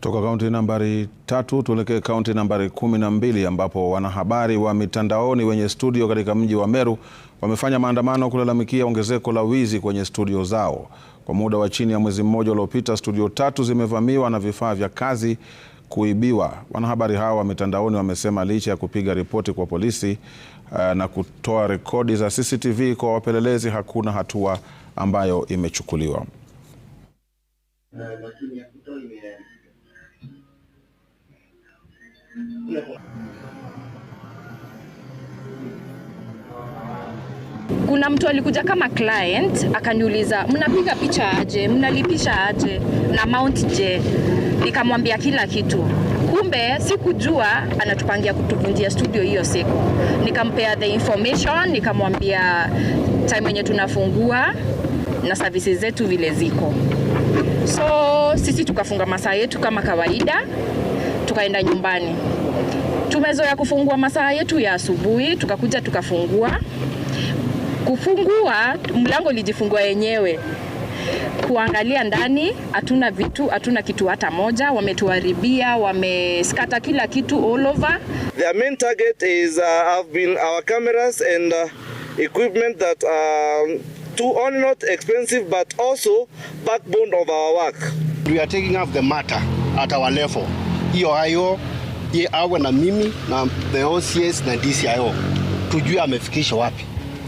Kutoka kaunti nambari tatu tuelekee kaunti nambari kumi na mbili ambapo wanahabari wa mitandaoni wenye studio katika mji wa Meru wamefanya maandamano kulalamikia ongezeko la wizi kwenye studio zao. Kwa muda wa chini ya mwezi mmoja uliopita, studio tatu zimevamiwa na vifaa vya kazi kuibiwa. Wanahabari hawa wa mitandaoni wamesema licha ya kupiga ripoti kwa polisi eh, na kutoa rekodi za CCTV kwa wapelelezi, hakuna hatua ambayo imechukuliwa. Kuna mtu alikuja kama client akaniuliza, mnapiga picha aje? Mnalipisha aje? na mount je? Nikamwambia kila kitu. Kumbe sikujua anatupangia kutuvunjia studio hiyo siku. Nikampea the information, nikamwambia time yenye tunafungua na services zetu vile ziko. So sisi tukafunga masaa yetu kama kawaida tukaenda nyumbani. Tumezoea kufungua masaa yetu ya asubuhi, tukakuja tukafungua. Kufungua mlango ilijifungua yenyewe, kuangalia ndani, hatuna vitu, hatuna kitu hata moja. Wametuharibia, wameskata kila kitu all over. Their main target is uh, have been our cameras and uh, equipment that are um, too only not expensive but also backbone of our work. We are taking up the matter at our level hiyo ye awe na mimi na the OCS na DCIO tujue amefikisha wapi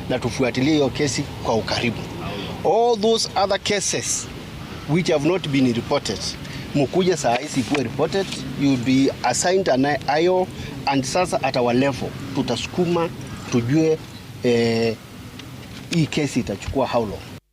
na tufuatilie hiyo kesi kwa ukaribu. All those other cases which have not been reported mkuja saa hizi ikuwe reported, you be assigned an IO and sasa at our level tutasukuma tujue eh, hii kesi itachukua how long.